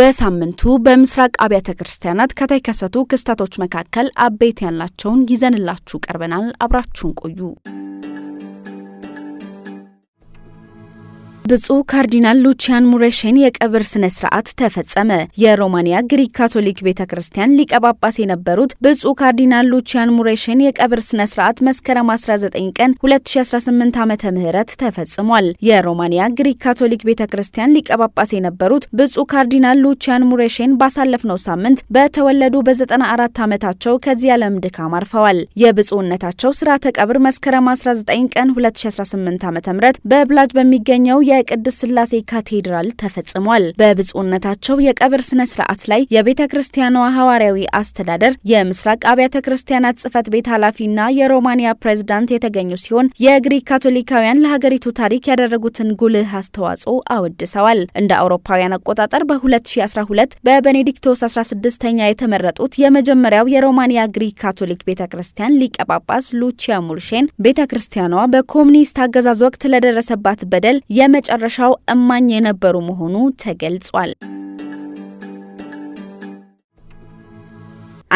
በሳምንቱ በምስራቅ አብያተ ክርስቲያናት ከተከሰቱ ክስተቶች መካከል አበይት ያላቸውን ይዘንላችሁ ቀርበናል። አብራችሁን ቆዩ። ብፁዕ ካርዲናል ሉቺያን ሙሬሽን የቀብር ስነ ስርዓት ተፈጸመ። የሮማንያ ግሪክ ካቶሊክ ቤተ ክርስቲያን ሊቀ ጳጳስ የነበሩት ብፁዕ ካርዲናል ሉቺያን ሙሬሽን የቀብር ስነ ስርዓት መስከረም 19 ቀን 2018 ዓመተ ምህረት ተፈጽሟል። የሮማንያ ግሪክ ካቶሊክ ቤተ ክርስቲያን ሊቀ ጳጳስ የነበሩት ብፁዕ ካርዲናል ሉቺያን ሙሬሽን ባሳለፍነው ሳምንት በተወለዱ በ94 ዓመታቸው ከዚህ ዓለም ድካም አርፈዋል። የብፁዕነታቸው ስርዓተ ቀብር መስከረም 19 ቀን 2018 ዓ ም በብላጅ በሚገኘው የ በቅድስት ሥላሴ ካቴድራል ተፈጽሟል። በብፁዕነታቸው የቀብር ስነ ስርዓት ላይ የቤተ ክርስቲያኗ ሐዋርያዊ አስተዳደር የምስራቅ አብያተ ክርስቲያናት ጽህፈት ቤት ኃላፊና የሮማንያ ፕሬዝዳንት የተገኙ ሲሆን የግሪክ ካቶሊካውያን ለሀገሪቱ ታሪክ ያደረጉትን ጉልህ አስተዋጽኦ አወድሰዋል። እንደ አውሮፓውያን አቆጣጠር በ2012 በቤኔዲክቶስ 16ኛ የተመረጡት የመጀመሪያው የሮማንያ ግሪክ ካቶሊክ ቤተ ክርስቲያን ሊቀ ጳጳስ ሉቺያ ሙልሼን ቤተ ክርስቲያኗ በኮሚኒስት አገዛዝ ወቅት ለደረሰባት በደል የመ መጨረሻው እማኝ የነበሩ መሆኑ ተገልጿል።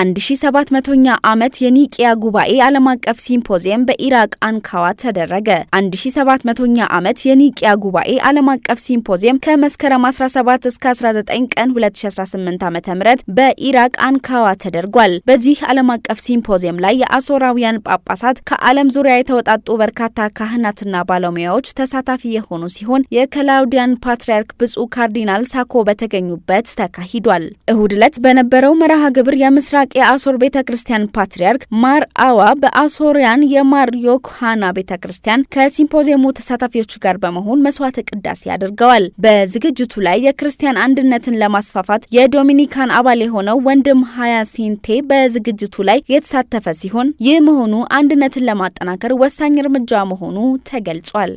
1700ኛ ዓመት የኒቅያ ጉባኤ ዓለም አቀፍ ሲምፖዚየም በኢራቅ አንካዋ ተደረገ። 1700ኛ ዓመት የኒቅያ ጉባኤ ዓለም አቀፍ ሲምፖዚየም ከመስከረም 17 እስከ 19 ቀን 2018 ዓ.ም በኢራቅ አንካዋ ተደርጓል። በዚህ ዓለም አቀፍ ሲምፖዚየም ላይ የአሶራውያን ጳጳሳት ከዓለም ዙሪያ የተወጣጡ በርካታ ካህናትና ባለሙያዎች ተሳታፊ የሆኑ ሲሆን የከላውዲያን ፓትርያርክ ብፁዕ ካርዲናል ሳኮ በተገኙበት ተካሂዷል። እሁድ ዕለት በነበረው መርሃ ግብር የምስራቅ ታላቅ የአሶር ቤተ ክርስቲያን ፓትርያርክ ማር አዋ በአሶሪያን የማር ዮክሃና ቤተ ክርስቲያን ከሲምፖዚየሙ ተሳታፊዎች ጋር በመሆን መስዋዕተ ቅዳሴ አድርገዋል። በዝግጅቱ ላይ የክርስቲያን አንድነትን ለማስፋፋት የዶሚኒካን አባል የሆነው ወንድም ሀያሲንቴ በዝግጅቱ ላይ የተሳተፈ ሲሆን ይህ መሆኑ አንድነትን ለማጠናከር ወሳኝ እርምጃ መሆኑ ተገልጿል።